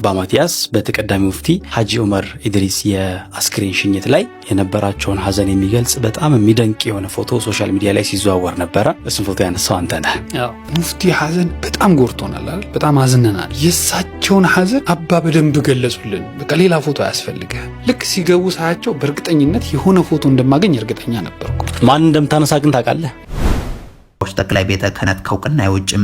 አባ ማቲያስ በተቀዳሚ ሙፍቲ ሐጂ ዑመር ኢድሪስ የአስክሬን ሽኝት ላይ የነበራቸውን ሀዘን የሚገልጽ በጣም የሚደንቅ የሆነ ፎቶ ሶሻል ሚዲያ ላይ ሲዘዋወር ነበረ። እሱም ፎቶ ያነሳው አንተ ነህ። ሙፍቲ ሀዘን በጣም ጎርቶናል አይደል? በጣም አዝነናል። የእሳቸውን ሀዘን አባ በደንብ ገለጹልን። በቃ ሌላ ፎቶ አያስፈልግህ። ልክ ሲገቡ ሳያቸው በእርግጠኝነት የሆነ ፎቶ እንደማገኝ እርግጠኛ ነበርኩ። ማን እንደምታነሳ ግን ታውቃለህ? ዎች ጠቅላይ ቤተ ክህነት ከእውቅና የውጭም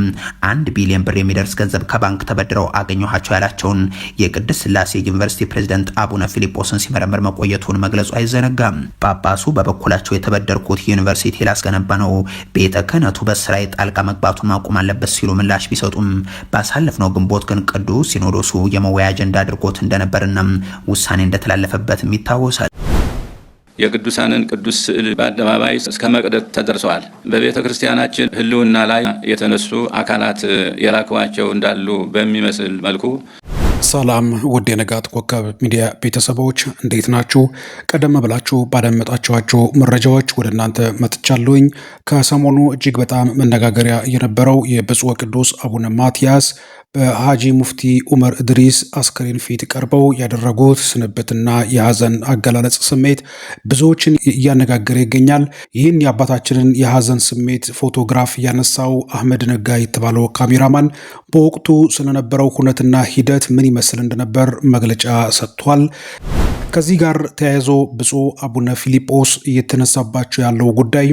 አንድ ቢሊዮን ብር የሚደርስ ገንዘብ ከባንክ ተበድረው አገኘኋቸው ያላቸውን የቅድስት ስላሴ ዩኒቨርሲቲ ፕሬዚደንት አቡነ ፊሊጶስን ሲመረምር መቆየቱን መግለጹ አይዘነጋም። ጳጳሱ በበኩላቸው የተበደርኩት ዩኒቨርሲቲ ላስገነባ ነው፣ ቤተ ክህነቱ በስራይ ጣልቃ መግባቱን ማቆም አለበት ሲሉ ምላሽ ቢሰጡም ባሳለፍነው ግንቦት ግን ቅዱስ ሲኖዶሱ የመወያያ አጀንዳ አድርጎት እንደነበርና ውሳኔ እንደተላለፈበትም ይታወሳል። የቅዱሳንን ቅዱስ ስዕል በአደባባይ እስከ መቅደት ተደርሰዋል። በቤተ ክርስቲያናችን ሕልውና ላይ የተነሱ አካላት የላከዋቸው እንዳሉ በሚመስል መልኩ ሰላም ውድ የንጋት ኮከብ ሚዲያ ቤተሰቦች እንዴት ናችሁ? ቀደም ብላችሁ ባደመጣችኋቸው መረጃዎች ወደ እናንተ መጥቻለሁኝ። ከሰሞኑ እጅግ በጣም መነጋገሪያ የነበረው የብፁዕ ቅዱስ አቡነ ማትያስ በሀጂ ሙፍቲ ኡመር እድሪስ አስከሬን ፊት ቀርበው ያደረጉት ስንብትና የሀዘን አገላለጽ ስሜት ብዙዎችን እያነጋገረ ይገኛል። ይህን የአባታችንን የሀዘን ስሜት ፎቶግራፍ ያነሳው አህመድ ነጋ የተባለው ካሜራማን በወቅቱ ስለነበረው ሁነትና ሂደት ምን ይመስል እንደነበር መግለጫ ሰጥቷል። ከዚህ ጋር ተያይዞ ብፁዕ አቡነ ፊሊጶስ እየተነሳባቸው ያለው ጉዳይ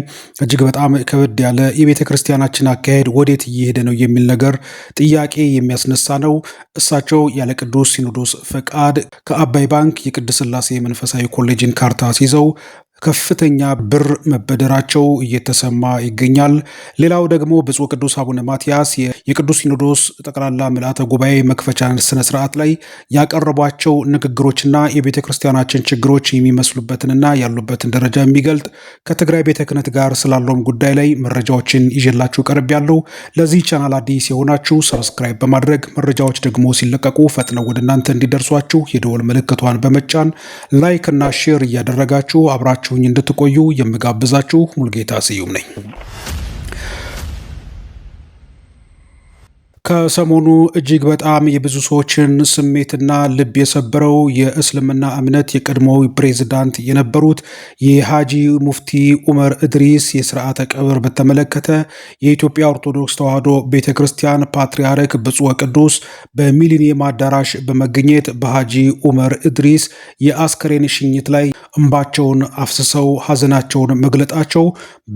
እጅግ በጣም ከበድ ያለ የቤተ ክርስቲያናችን አካሄድ ወዴት እየሄደ ነው የሚል ነገር ጥያቄ የሚያ የሚያስነሳ ነው። እሳቸው ያለ ቅዱስ ሲኖዶስ ፈቃድ ከአባይ ባንክ የቅድስት ስላሴ መንፈሳዊ ኮሌጅን ካርታ ሲይዘው ከፍተኛ ብር መበደራቸው እየተሰማ ይገኛል። ሌላው ደግሞ ብፁዕ ቅዱስ አቡነ ማትያስ የቅዱስ ሲኖዶስ ጠቅላላ ምልአተ ጉባኤ መክፈቻ ስነ ስርዓት ላይ ያቀረቧቸው ንግግሮችና የቤተ ክርስቲያናችን ችግሮች የሚመስሉበትንና ያሉበትን ደረጃ የሚገልጥ ከትግራይ ቤተ ክህነት ጋር ስላለውም ጉዳይ ላይ መረጃዎችን ይዤላችሁ ቀርብ ያለው ለዚህ ቻናል አዲስ የሆናችሁ ሰብስክራይብ በማድረግ መረጃዎች ደግሞ ሲለቀቁ ፈጥነው ወደ እናንተ እንዲደርሷችሁ የደወል ምልክቷን በመጫን ላይክ እና ሼር እያደረጋችሁ አብራችሁ አብራችሁኝ እንድትቆዩ የምጋብዛችሁ ሙልጌታ ስዩም ነኝ። ከሰሞኑ እጅግ በጣም የብዙ ሰዎችን ስሜትና ልብ የሰበረው የእስልምና እምነት የቀድሞው ፕሬዝዳንት የነበሩት የሃጂ ሙፍቲ ኡመር እድሪስ የስርዓተ ቀብር በተመለከተ የኢትዮጵያ ኦርቶዶክስ ተዋሕዶ ቤተ ክርስቲያን ፓትርያርክ ብፁዕ ወቅዱስ በሚሊኒየም አዳራሽ በመገኘት በሃጂ ኡመር እድሪስ የአስከሬን ሽኝት ላይ እንባቸውን አፍስሰው ሐዘናቸውን መግለጣቸው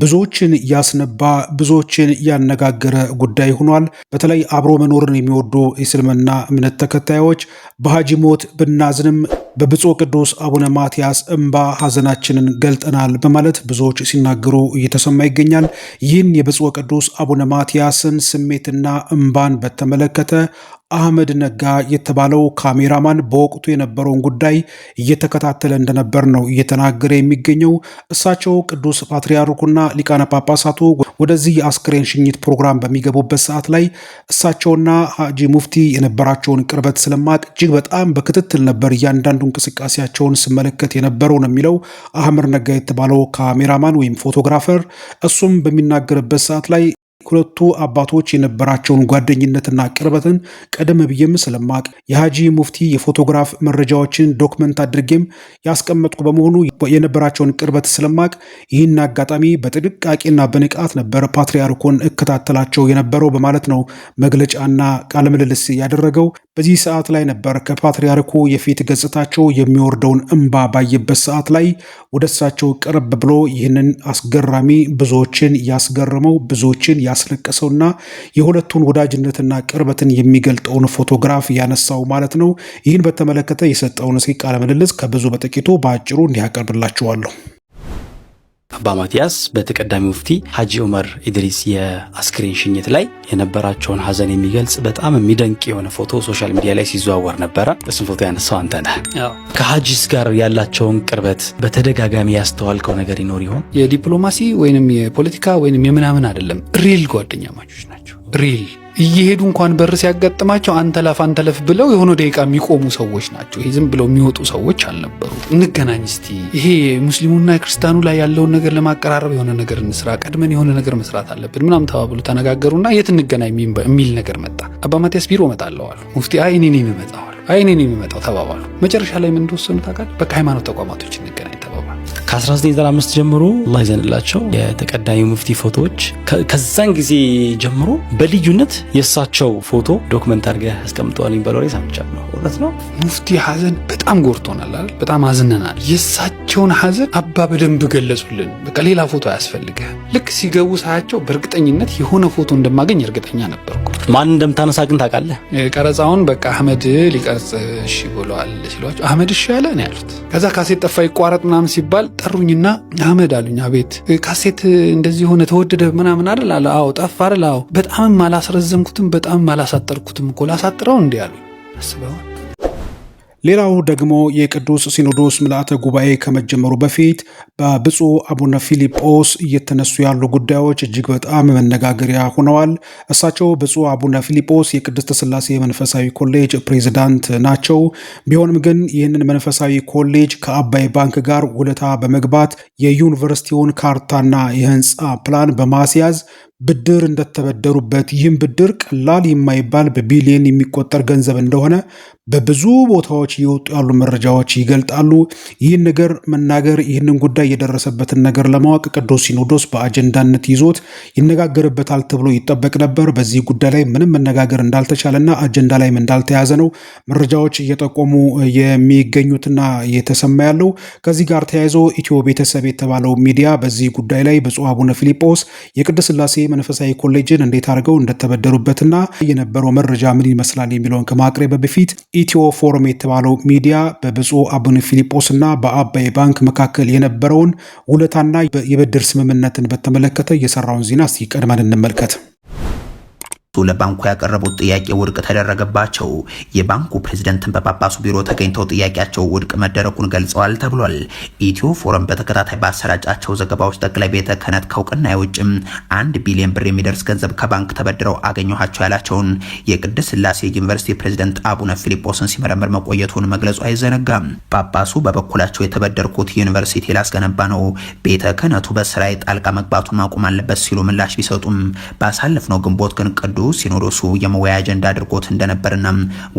ብዙዎችን ያስነባ፣ ብዙዎችን ያነጋገረ ጉዳይ ሆኗል። በተለይ አብሮ መኖርን የሚወዱ የእስልምና እምነት ተከታዮች በሐጂ ሞት ብናዝንም በብፁዕ ቅዱስ አቡነ ማትያስ እምባ ሐዘናችንን ገልጠናል በማለት ብዙዎች ሲናገሩ እየተሰማ ይገኛል። ይህን የብፁዕ ቅዱስ አቡነ ማትያስን ስሜትና እምባን በተመለከተ አህመድ ነጋ የተባለው ካሜራማን በወቅቱ የነበረውን ጉዳይ እየተከታተለ እንደነበር ነው እየተናገረ የሚገኘው። እሳቸው ቅዱስ ፓትርያርኩና ሊቃነ ጳጳሳቱ ወደዚህ የአስክሬን ሽኝት ፕሮግራም በሚገቡበት ሰዓት ላይ እሳቸውና ሀጂ ሙፍቲ የነበራቸውን ቅርበት ስለማቅ እጅግ በጣም በክትትል ነበር እያንዳንዱ እንቅስቃሴያቸውን ስመለከት የነበረው ነው የሚለው አህመድ ነጋ የተባለው ካሜራማን ወይም ፎቶግራፈር። እሱም በሚናገርበት ሰዓት ላይ ሁለቱ አባቶች የነበራቸውን ጓደኝነትና ቅርበትን ቀደም ብዬም ስለማቅ የሀጂ ሙፍቲ የፎቶግራፍ መረጃዎችን ዶክመንት አድርጌም ያስቀመጥኩ በመሆኑ የነበራቸውን ቅርበት ስለማቅ ይህን አጋጣሚ በጥንቃቄና በንቃት ነበር ፓትርያርኩን እከታተላቸው የነበረው በማለት ነው መግለጫና ቃለምልልስ ያደረገው። በዚህ ሰዓት ላይ ነበር ከፓትርያርኩ የፊት ገጽታቸው የሚወርደውን እምባ ባየበት ሰዓት ላይ ወደሳቸው ቅርብ ቀረብ ብሎ ይህንን አስገራሚ ብዙዎችን ያስገረመው ብዙዎችን ያስለቀሰውና የሁለቱን ወዳጅነትና ቅርበትን የሚገልጠውን ፎቶግራፍ ያነሳው ማለት ነው። ይህን በተመለከተ የሰጠውን እስኪ ቃለ ምልልስ ከብዙ በጥቂቱ በአጭሩ እንዲያቀርብላችኋለሁ። አባ ማቲያስ በተቀዳሚ ሙፍቲ ሐጂ ዑመር ኢድሪስ የአስክሬን ሽኝት ላይ የነበራቸውን ሀዘን የሚገልጽ በጣም የሚደንቅ የሆነ ፎቶ ሶሻል ሚዲያ ላይ ሲዘዋወር ነበረ። እሱን ፎቶ ያነሳው አንተ ነህ። ከሐጂስ ጋር ያላቸውን ቅርበት በተደጋጋሚ ያስተዋልከው ነገር ይኖር ይሆን? የዲፕሎማሲ ወይንም የፖለቲካ ወይንም የምናምን አይደለም፣ ሪል ማቾች ናቸው። ሪል እየሄዱ እንኳን በር ሲያጋጥማቸው አንተ ላፍ አንተ ለፍ ብለው የሆነ ደቂቃ የሚቆሙ ሰዎች ናቸው። ይሄ ዝም ብለው የሚወጡ ሰዎች አልነበሩ። እንገናኝ እስቲ ይሄ ሙስሊሙና ክርስቲያኑ ላይ ያለውን ነገር ለማቀራረብ የሆነ ነገር እንስራ፣ ቀድመን የሆነ ነገር መስራት አለብን ምናም ተባብሎ ተነጋገሩና የት እንገናኝ የሚል ነገር መጣ። አባ ማቲያስ ቢሮ እመጣለሁ አሉ። ሙፍቲ አይ እኔ ነኝ የምመጣው አሉ። አይ እኔ ነኝ የምመጣው ተባባሉ። መጨረሻ ላይ ምን እንደወሰኑ ታውቃለህ? በቃ ሃይማኖት ተቋማቶች ከ1995 ጀምሮ አላህ ይዘንላቸው የተቀዳሚ ሙፍቲ ፎቶዎች ከዛን ጊዜ ጀምሮ በልዩነት የእሳቸው ፎቶ ዶክመንት አድርገህ አስቀምጠዋል የሚባለው ላይ ሰምቻለሁ። እውነት ነው። ሙፍቲ ሀዘን በጣም ጎርቶናል አይደል? በጣም አዝነናል። የእሳቸውን ሀዘን አባ በደንብ ገለጹልን። በቃ ሌላ ፎቶ አያስፈልግህ። ልክ ሲገቡ ሳያቸው በእርግጠኝነት የሆነ ፎቶ እንደማገኝ እርግጠኛ ነበርኩ። ማን እንደምታነሳ ግን ታውቃለህ። ቀረጻውን በቃ አህመድ ሊቀርጽ እሺ ብለዋል ሲሏቸው አህመድ እሺ ያለ ነው ያሉት። ከዛ ካሴት ጠፋ ይቋረጥ ምናምን ሲባል ጠሩኝና አህመድ አሉኝ። አቤት ካሴት እንደዚህ ሆነ ተወደደ ምናምን አይደል አለ። አዎ ጠፋ አይደል አዎ። በጣምም አላስረዘምኩትም፣ በጣምም አላሳጠርኩትም እኮ ላሳጥረው እንዲህ አሉኝ አስበዋል ሌላው ደግሞ የቅዱስ ሲኖዶስ ምልአተ ጉባኤ ከመጀመሩ በፊት በብፁዕ አቡነ ፊሊጶስ እየተነሱ ያሉ ጉዳዮች እጅግ በጣም መነጋገሪያ ሆነዋል። እሳቸው ብፁዕ አቡነ ፊሊጶስ የቅድስተ ስላሴ መንፈሳዊ ኮሌጅ ፕሬዚዳንት ናቸው። ቢሆንም ግን ይህንን መንፈሳዊ ኮሌጅ ከአባይ ባንክ ጋር ውለታ በመግባት የዩኒቨርሲቲውን ካርታና የህንፃ ፕላን በማስያዝ ብድር እንደተበደሩበት ይህም ብድር ቀላል የማይባል በቢሊየን የሚቆጠር ገንዘብ እንደሆነ በብዙ ቦታዎች እየወጡ ያሉ መረጃዎች ይገልጣሉ። ይህን ነገር መናገር ይህንን ጉዳይ የደረሰበትን ነገር ለማወቅ ቅዱስ ሲኖዶስ በአጀንዳነት ይዞት ይነጋገርበታል ተብሎ ይጠበቅ ነበር። በዚህ ጉዳይ ላይ ምንም መነጋገር እንዳልተቻለና አጀንዳ ላይም እንዳልተያዘ ነው መረጃዎች እየጠቆሙ የሚገኙትና የተሰማ ያለው። ከዚህ ጋር ተያይዞ ኢትዮ ቤተሰብ የተባለው ሚዲያ በዚህ ጉዳይ ላይ ብፁዕ አቡነ ፊሊጶስ የቅድስት ሥላሴ መንፈሳዊ ኮሌጅን እንዴት አድርገው እንደተበደሩበትና የነበረው መረጃ ምን ይመስላል የሚለውን ከማቅረብ በፊት ኢትዮ ፎረም የተባለው ሚዲያ በብፁዕ አቡነ ፊልጶስ እና በአባይ ባንክ መካከል የነበረውን ውለታና የብድር ስምምነትን በተመለከተ የሰራውን ዜና እስኪ ቀድመን እንመልከት። መንግስቱ ለባንኩ ያቀረቡት ጥያቄ ውድቅ ተደረገባቸው። የባንኩ ፕሬዝደንትን በጳጳሱ ቢሮ ተገኝተው ጥያቄያቸው ውድቅ መደረጉን ገልጸዋል ተብሏል። ኢትዮ ፎረም በተከታታይ ባሰራጫቸው ዘገባዎች ጠቅላይ ቤተ ክህነት ከእውቅና የውጭም አንድ ቢሊዮን ብር የሚደርስ ገንዘብ ከባንክ ተበድረው አገኘኋቸው ያላቸውን የቅድስት ስላሴ ዩኒቨርሲቲ ፕሬዝደንት አቡነ ፊሊጶስን ሲመረምር መቆየቱን መግለጹ አይዘነጋም። ጳጳሱ በበኩላቸው የተበደርኩት ዩኒቨርሲቲ ላስገነባ ነው፣ ቤተ ክህነቱ በስራ ጣልቃ መግባቱን ማቆም አለበት ሲሉ ምላሽ ቢሰጡም ባሳለፍነው ግንቦት ግን ቅዱ ሲኖዶሱ የመወያ አጀንዳ አድርጎት እንደነበርና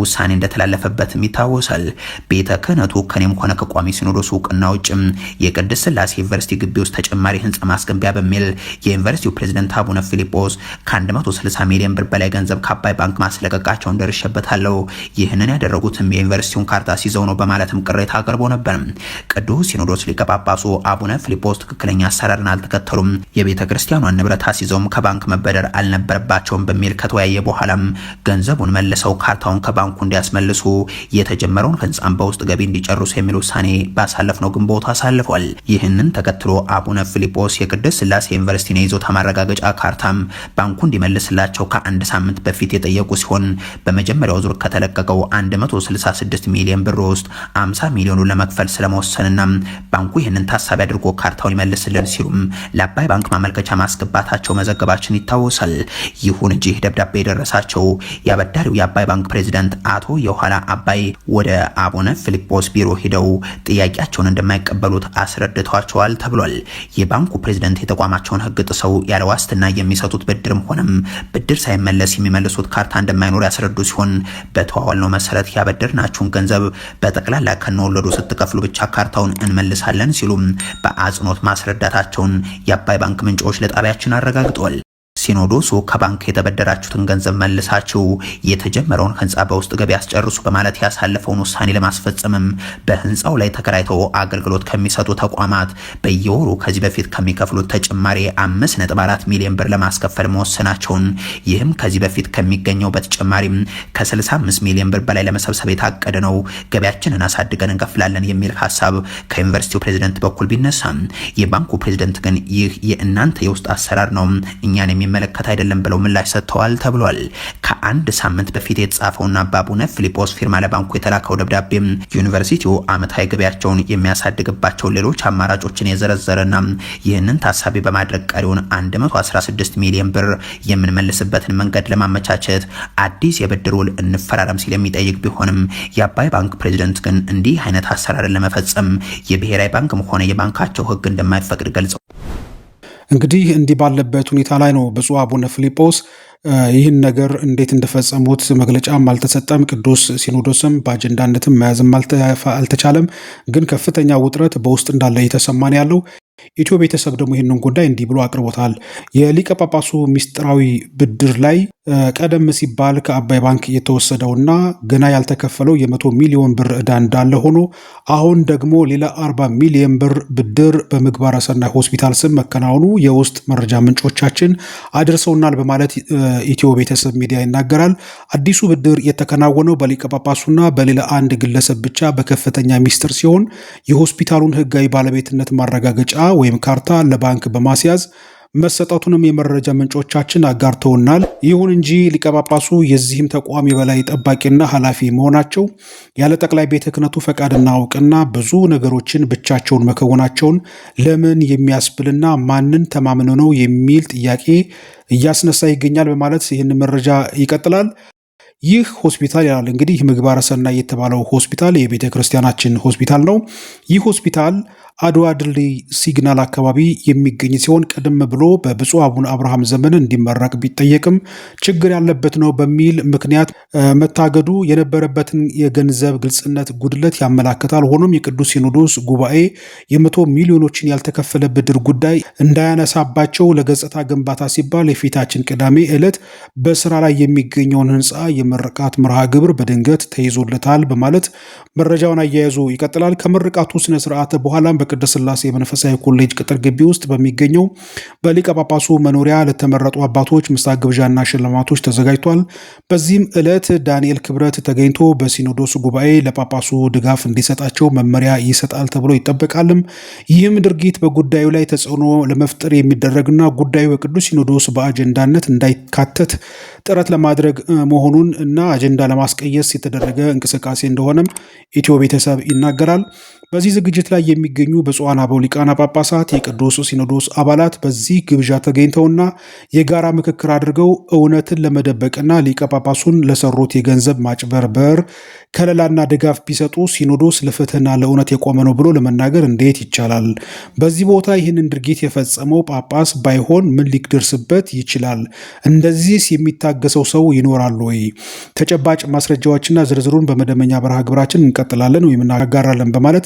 ውሳኔ እንደተላለፈበትም ይታወሳል። ቤተ ክህነቱ ከኔም ሆነ ከቋሚ ሲኖዶሱ እውቅና ውጭም የቅድስት ስላሴ ዩኒቨርሲቲ ግቢ ውስጥ ተጨማሪ ህንፃ ማስገንቢያ በሚል የዩኒቨርሲቲው ፕሬዝደንት አቡነ ፊሊጶስ ከ160 ሚሊዮን ብር በላይ ገንዘብ ከአባይ ባንክ ማስለቀቃቸውን ደርሼበታለሁ። ይህንን ያደረጉትም የዩኒቨርሲቲውን ካርታ ሲዘው ነው በማለትም ቅሬታ አቅርቦ ነበር። ቅዱስ ሲኖዶስ ሊቀ ጳጳሱ አቡነ ፊሊጶስ ትክክለኛ አሰራርን አልተከተሉም፣ የቤተ ክርስቲያኗን ንብረት አስይዘውም ከባንክ መበደር አልነበረባቸውም በሚል ከተወያየ በኋላም ገንዘቡን መልሰው ካርታውን ከባንኩ እንዲያስመልሱ የተጀመረውን ህንፃን በውስጥ ገቢ እንዲጨርሱ የሚል ውሳኔ ባሳለፍነው ግንቦት አሳልፏል። ይህንን ተከትሎ አቡነ ፊሊጶስ የቅድስት ስላሴ ዩኒቨርሲቲን የይዞታ ማረጋገጫ ካርታም ባንኩ እንዲመልስላቸው ከአንድ ሳምንት በፊት የጠየቁ ሲሆን በመጀመሪያው ዙር ከተለቀቀው 166 ሚሊዮን ብር ውስጥ 50 ሚሊዮኑን ለመክፈል ስለመወሰንና ባንኩ ይህንን ታሳቢ አድርጎ ካርታውን ይመልስልን ሲሉም ለአባይ ባንክ ማመልከቻ ማስገባታቸው መዘገባችን ይታወሳል። ይሁን እንጂ ይህ ደብዳቤ የደረሳቸው የአበዳሪው የአባይ ባንክ ፕሬዚዳንት አቶ የኋላ አባይ ወደ አቡነ ፊልጶስ ቢሮ ሂደው ጥያቄያቸውን እንደማይቀበሉት አስረድተዋቸዋል ተብሏል። የባንኩ ፕሬዚደንት የተቋማቸውን ህግ ጥሰው ያለ ዋስትና የሚሰጡት ብድርም ሆነም ብድር ሳይመለስ የሚመልሱት ካርታ እንደማይኖር ያስረዱ ሲሆን በተዋዋልነው መሰረት ያበደርናችሁን ገንዘብ በጠቅላላ ከነወለዱ ስትከፍሉ ብቻ ካርታውን እንመልሳለን ሲሉም በአጽንኦት ማስረዳታቸውን የአባይ ባንክ ምንጮች ለጣቢያችን አረጋግጠዋል። ሲኖዶሱ ከባንክ የተበደራችሁትን ገንዘብ መልሳችሁ የተጀመረውን ህንፃ በውስጥ ገቢ ያስጨርሱ በማለት ያሳለፈውን ውሳኔ ለማስፈጸምም በህንፃው ላይ ተከራይተው አገልግሎት ከሚሰጡ ተቋማት በየወሩ ከዚህ በፊት ከሚከፍሉት ተጨማሪ 5.4 ሚሊዮን ብር ለማስከፈል መወሰናቸውን ይህም ከዚህ በፊት ከሚገኘው በተጨማሪም ከ65 ሚሊዮን ብር በላይ ለመሰብሰብ የታቀደ ነው። ገቢያችንን አሳድገን እንከፍላለን የሚል ሀሳብ ከዩኒቨርሲቲው ፕሬዝደንት በኩል ቢነሳም የባንኩ ፕሬዝደንት ግን ይህ የእናንተ የውስጥ አሰራር ነው እኛን የሚመለከት አይደለም ብለው ምላሽ ሰጥተዋል ተብሏል። ከአንድ ሳምንት በፊት የተጻፈውና በአቡነ ፊሊጶስ ፊርማ ለባንኩ የተላከው ደብዳቤም ዩኒቨርሲቲው ዓመታዊ ገቢያቸውን የሚያሳድግባቸውን ሌሎች አማራጮችን የዘረዘረና ይህንን ታሳቢ በማድረግ ቀሪውን 116 ሚሊዮን ብር የምንመልስበትን መንገድ ለማመቻቸት አዲስ የብድር ውል እንፈራረም ሲል የሚጠይቅ ቢሆንም የአባይ ባንክ ፕሬዚደንት ግን እንዲህ አይነት አሰራርን ለመፈጸም የብሔራዊ ባንክም ሆነ የባንካቸው ህግ እንደማይፈቅድ ገልጸው እንግዲህ እንዲህ ባለበት ሁኔታ ላይ ነው ብፁዕ አቡነ ፊልጶስ ይህን ነገር እንዴት እንደፈጸሙት መግለጫም አልተሰጠም። ቅዱስ ሲኖዶስም በአጀንዳነትም መያዝም አልተቻለም። ግን ከፍተኛ ውጥረት በውስጥ እንዳለ እየተሰማን ያለው ኢትዮ ቤተሰብ ደግሞ ይህንን ጉዳይ እንዲህ ብሎ አቅርቦታል። የሊቀ ጳጳሱ ሚስጥራዊ ብድር ላይ ቀደም ሲባል ከአባይ ባንክ የተወሰደውና ገና ያልተከፈለው የመቶ ሚሊዮን ብር ዕዳ እንዳለ ሆኖ አሁን ደግሞ ሌላ 40 ሚሊዮን ብር ብድር በምግባረ ሰናይ ሆስፒታል ስም መከናወኑ የውስጥ መረጃ ምንጮቻችን አድርሰውናል በማለት ኢትዮ ቤተሰብ ሚዲያ ይናገራል። አዲሱ ብድር የተከናወነው በሊቀ ጳጳሱና በሌላ አንድ ግለሰብ ብቻ በከፍተኛ ሚስጥር ሲሆን የሆስፒታሉን ሕጋዊ ባለቤትነት ማረጋገጫ ወይም ካርታ ለባንክ በማስያዝ መሰጠቱንም የመረጃ ምንጮቻችን አጋርተውናል። ይሁን እንጂ ሊቀ የዚህም ተቋም የበላይ ጠባቂና ኃላፊ መሆናቸው ያለ ጠቅላይ ቤተ ክህነቱ ፈቃድና እውቅና ብዙ ነገሮችን ብቻቸውን መከወናቸውን ለምን የሚያስብልና ማንን ተማምነው ነው የሚል ጥያቄ እያስነሳ ይገኛል በማለት ይህን መረጃ ይቀጥላል። ይህ ሆስፒታል ይላል እንግዲህ ምግባረ ሰናይ የተባለው ሆስፒታል የቤተ ክርስቲያናችን ሆስፒታል ነው። ይህ ሆስፒታል አድዋ ድልድይ ሲግናል አካባቢ የሚገኝ ሲሆን ቀደም ብሎ በብፁዕ አቡነ አብርሃም ዘመን እንዲመረቅ ቢጠየቅም ችግር ያለበት ነው በሚል ምክንያት መታገዱ የነበረበትን የገንዘብ ግልጽነት ጉድለት ያመላክታል። ሆኖም የቅዱስ ሲኖዶስ ጉባኤ የመቶ ሚሊዮኖችን ያልተከፈለ ብድር ጉዳይ እንዳያነሳባቸው ለገጽታ ግንባታ ሲባል የፊታችን ቅዳሜ ዕለት በስራ ላይ የሚገኘውን ህንፃ የምርቃት መርሃ ግብር በድንገት ተይዞለታል በማለት መረጃውን አያይዞ ይቀጥላል። ከምርቃቱ ስነስርዓት በኋላም በቅድስት ሥላሴ መንፈሳዊ ኮሌጅ ቅጥር ግቢ ውስጥ በሚገኘው በሊቀ ጳጳሱ መኖሪያ ለተመረጡ አባቶች ምሳ ግብዣና ሽልማቶች ተዘጋጅቷል። በዚህም ዕለት ዳንኤል ክብረት ተገኝቶ በሲኖዶስ ጉባኤ ለጳጳሱ ድጋፍ እንዲሰጣቸው መመሪያ ይሰጣል ተብሎ ይጠበቃልም። ይህም ድርጊት በጉዳዩ ላይ ተጽዕኖ ለመፍጠር የሚደረግና ጉዳዩ በቅዱስ ሲኖዶስ በአጀንዳነት እንዳይካተት ጥረት ለማድረግ መሆኑን እና አጀንዳ ለማስቀየስ የተደረገ እንቅስቃሴ እንደሆነም ኢትዮ ቤተሰብ ይናገራል። በዚህ ዝግጅት ላይ የሚገኙ ብፁዓን አበው ሊቃነ ጳጳሳት፣ የቅዱስ ሲኖዶስ አባላት በዚህ ግብዣ ተገኝተውና የጋራ ምክክር አድርገው እውነትን ለመደበቅና ሊቀ ጳጳሱን ለሰሩት የገንዘብ ማጭበርበር ከለላና ድጋፍ ቢሰጡ ሲኖዶስ ለፍትህና ለእውነት የቆመ ነው ብሎ ለመናገር እንዴት ይቻላል? በዚህ ቦታ ይህንን ድርጊት የፈጸመው ጳጳስ ባይሆን ምን ሊደርስበት ይችላል? እንደዚህስ የሚታ የታገሰው ሰው ይኖራል ወይ? ተጨባጭ ማስረጃዎችና ዝርዝሩን በመደበኛ መርሃ ግብራችን እንቀጥላለን ወይም እናጋራለን በማለት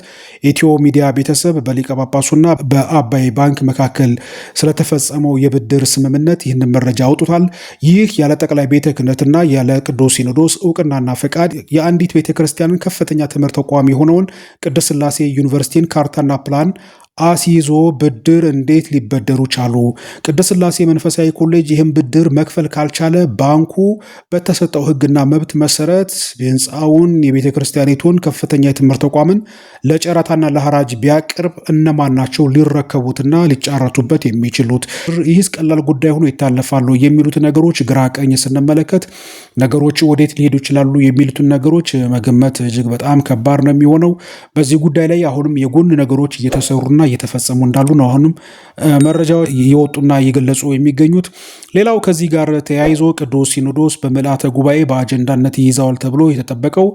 ኢትዮ ሚዲያ ቤተሰብ በሊቀ ጳጳሱና በአባይ ባንክ መካከል ስለተፈጸመው የብድር ስምምነት ይህንን መረጃ አውጡታል። ይህ ያለ ጠቅላይ ቤተ ክህነትና ያለ ቅዱስ ሲኖዶስ እውቅናና ፈቃድ የአንዲት ቤተ ክርስቲያንን ከፍተኛ ትምህርት ተቋም የሆነውን ቅድስት ስላሴ ዩኒቨርሲቲን ካርታና ፕላን አስይዞ ብድር እንዴት ሊበደሩ ቻሉ? ቅድስት ሥላሴ መንፈሳዊ ኮሌጅ ይህን ብድር መክፈል ካልቻለ ባንኩ በተሰጠው ሕግና መብት መሰረት የህንፃውን የቤተ ክርስቲያኒቱን ከፍተኛ የትምህርት ተቋምን ለጨረታና ለሐራጅ ቢያቅርብ እነማን ናቸው ሊረከቡትና ሊጫረቱበት የሚችሉት? ይህስ ቀላል ጉዳይ ሆኖ ይታለፋሉ የሚሉት ነገሮች ግራ ቀኝ ስንመለከት ነገሮች ወዴት ሊሄዱ ይችላሉ የሚሉትን ነገሮች መገመት እጅግ በጣም ከባድ ነው የሚሆነው። በዚህ ጉዳይ ላይ አሁንም የጎን ነገሮች እየተሰሩና እየተካሄዱና እየተፈጸሙ እንዳሉ ነው አሁንም መረጃ እየወጡና እየገለጹ የሚገኙት። ሌላው ከዚህ ጋር ተያይዞ ቅዱስ ሲኖዶስ በምልአተ ጉባኤ በአጀንዳነት ይይዘዋል ተብሎ የተጠበቀው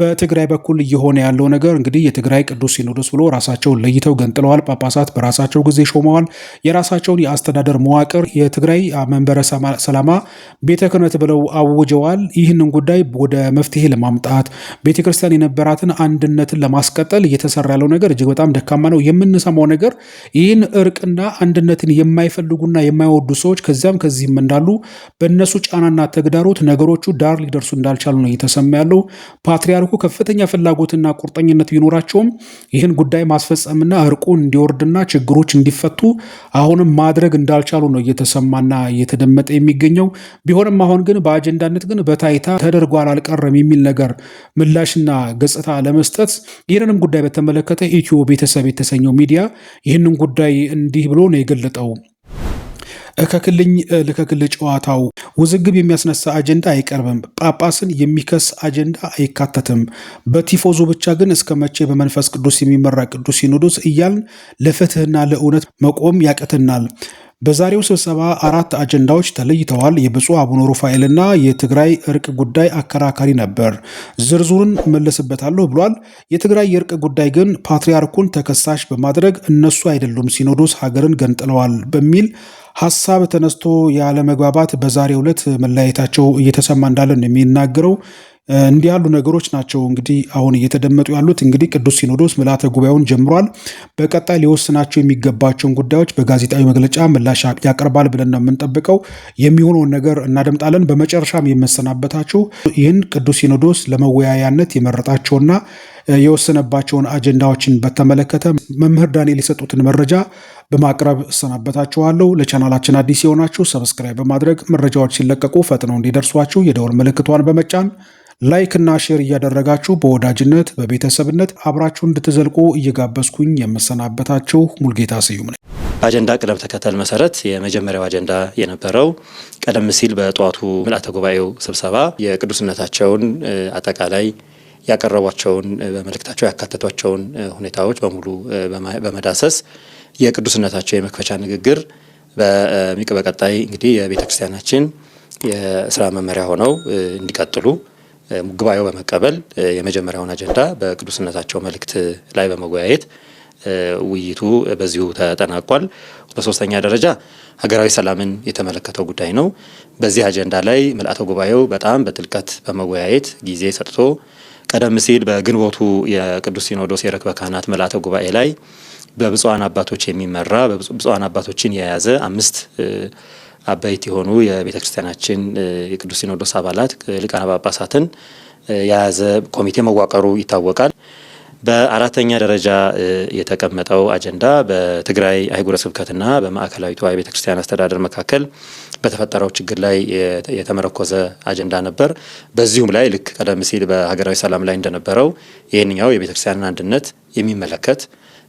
በትግራይ በኩል እየሆነ ያለው ነገር እንግዲህ የትግራይ ቅዱስ ሲኖዶስ ብሎ ራሳቸውን ለይተው ገንጥለዋል። ጳጳሳት በራሳቸው ጊዜ ሾመዋል። የራሳቸውን የአስተዳደር መዋቅር የትግራይ መንበረ ሰላማ ቤተ ክህነት ብለው አውጀዋል። ይህንን ጉዳይ ወደ መፍትሄ ለማምጣት ቤተክርስቲያን የነበራትን አንድነትን ለማስቀጠል እየተሰራ ያለው ነገር እጅግ በጣም ደካማ ነው። የምንሰማ የሚሰማው ነገር ይህን እርቅና አንድነትን የማይፈልጉና የማይወዱ ሰዎች ከዚያም ከዚህም እንዳሉ በእነሱ ጫናና ተግዳሮት ነገሮቹ ዳር ሊደርሱ እንዳልቻሉ ነው እየተሰማ ያለው። ፓትርያርኩ ከፍተኛ ፍላጎትና ቁርጠኝነት ቢኖራቸውም ይህን ጉዳይ ማስፈጸምና እርቁ እንዲወርድና ችግሮች እንዲፈቱ አሁንም ማድረግ እንዳልቻሉ ነው እየተሰማና እየተደመጠ የሚገኘው። ቢሆንም አሁን ግን በአጀንዳነት ግን በታይታ ተደርጎ አላልቀረም የሚል ነገር ምላሽና ገጽታ ለመስጠት ይህንንም ጉዳይ በተመለከተ ኢትዮ ቤተሰብ የተሰኘው ሚዲያ ይህንን ጉዳይ እንዲህ ብሎ ነው የገለጠው። እከክልኝ ልከክል ጨዋታው ውዝግብ የሚያስነሳ አጀንዳ አይቀርብም። ጳጳስን የሚከስ አጀንዳ አይካተትም። በቲፎዞ ብቻ ግን እስከ መቼ በመንፈስ ቅዱስ የሚመራ ቅዱስ ሲኖዶስ እያልን ለፍትህና ለእውነት መቆም ያቀትናል። በዛሬው ስብሰባ አራት አጀንዳዎች ተለይተዋል። የብፁዕ አቡነ ሩፋኤልና የትግራይ እርቅ ጉዳይ አከራካሪ ነበር። ዝርዝሩን መለስበታለሁ ብሏል። የትግራይ የእርቅ ጉዳይ ግን ፓትርያርኩን ተከሳሽ በማድረግ እነሱ አይደሉም ሲኖዶስ ሀገርን ገንጥለዋል በሚል ሀሳብ ተነስቶ ያለመግባባት በዛሬው ዕለት መለያየታቸው እየተሰማ እንዳለን የሚናገረው እንዲህ ያሉ ነገሮች ናቸው እንግዲህ አሁን እየተደመጡ ያሉት። እንግዲህ ቅዱስ ሲኖዶስ ምልዓተ ጉባኤውን ጀምሯል። በቀጣይ ሊወስናቸው የሚገባቸውን ጉዳዮች በጋዜጣዊ መግለጫ ምላሽ ያቀርባል ብለን ነው የምንጠብቀው። የሚሆነውን ነገር እናደምጣለን። በመጨረሻም የመሰናበታችሁ ይህን ቅዱስ ሲኖዶስ ለመወያያነት የመረጣቸውና የወሰነባቸውን አጀንዳዎችን በተመለከተ መምህር ዳንኤል የሰጡትን መረጃ በማቅረብ እሰናበታችኋለሁ። ለቻናላችን አዲስ የሆናችሁ ሰብስክራይብ በማድረግ መረጃዎች ሲለቀቁ ፈጥነው እንዲደርሷችሁ የደወል ምልክቷን በመጫን ላይክና ሼር እያደረጋችሁ በወዳጅነት በቤተሰብነት አብራችሁ እንድትዘልቁ እየጋበዝኩኝ የምሰናበታችሁ ሙልጌታ ስዩም ነኝ። በአጀንዳ ቅደም ተከተል መሰረት የመጀመሪያው አጀንዳ የነበረው ቀደም ሲል በጠዋቱ ምልአተ ጉባኤው ስብሰባ የቅዱስነታቸውን አጠቃላይ ያቀረቧቸውን በመልእክታቸው ያካተቷቸውን ሁኔታዎች በሙሉ በመዳሰስ የቅዱስነታቸው የመክፈቻ ንግግር በሚቅ በቀጣይ እንግዲህ የቤተክርስቲያናችን የስራ መመሪያ ሆነው እንዲቀጥሉ ጉባኤው በመቀበል የመጀመሪያውን አጀንዳ በቅዱስነታቸው መልእክት ላይ በመወያየት ውይይቱ በዚሁ ተጠናቋል። በሶስተኛ ደረጃ ሀገራዊ ሰላምን የተመለከተው ጉዳይ ነው። በዚህ አጀንዳ ላይ ምልአተ ጉባኤው በጣም በጥልቀት በመወያየት ጊዜ ሰጥቶ ቀደም ሲል በግንቦቱ የቅዱስ ሲኖዶስ የረክበ ካህናት ምልአተ ጉባኤ ላይ በብፁዓን አባቶች የሚመራ በብፁዓን አባቶችን የያዘ አምስት አበይት የሆኑ የቤተ ክርስቲያናችን የቅዱስ ሲኖዶስ አባላት ሊቃነ ጳጳሳትን የያዘ ኮሚቴ መዋቀሩ ይታወቃል። በአራተኛ ደረጃ የተቀመጠው አጀንዳ በትግራይ አህጉረ ስብከትና በማዕከላዊቷ ቤተ ክርስቲያን አስተዳደር መካከል በተፈጠረው ችግር ላይ የተመረኮዘ አጀንዳ ነበር። በዚሁም ላይ ልክ ቀደም ሲል በሀገራዊ ሰላም ላይ እንደነበረው ይህንኛው የቤተ ክርስቲያንን አንድነት የሚመለከት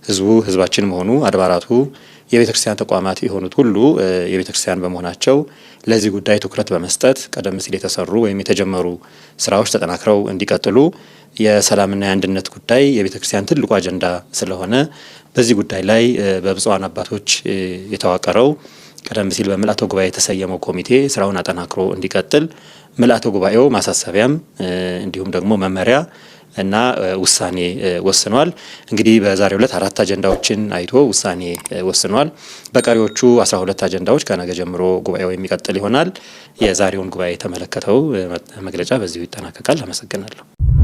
ህዝቡ ህዝባችን መሆኑ አድባራቱ የቤተክርስቲያን ተቋማት የሆኑት ሁሉ የቤተክርስቲያን በመሆናቸው ለዚህ ጉዳይ ትኩረት በመስጠት ቀደም ሲል የተሰሩ ወይም የተጀመሩ ስራዎች ተጠናክረው እንዲቀጥሉ የሰላምና የአንድነት ጉዳይ የቤተክርስቲያን ትልቁ አጀንዳ ስለሆነ በዚህ ጉዳይ ላይ በብፁዓን አባቶች የተዋቀረው ቀደም ሲል በምልአተ ጉባኤ የተሰየመው ኮሚቴ ስራውን አጠናክሮ እንዲቀጥል ምልአተ ጉባኤው ማሳሰቢያም እንዲሁም ደግሞ መመሪያ እና ውሳኔ ወስኗል። እንግዲህ በዛሬው ዕለት አራት አጀንዳዎችን አይቶ ውሳኔ ወስኗል። በቀሪዎቹ 12 አጀንዳዎች ከነገ ጀምሮ ጉባኤው የሚቀጥል ይሆናል። የዛሬውን ጉባኤ የተመለከተው መግለጫ በዚሁ ይጠናቀቃል። አመሰግናለሁ።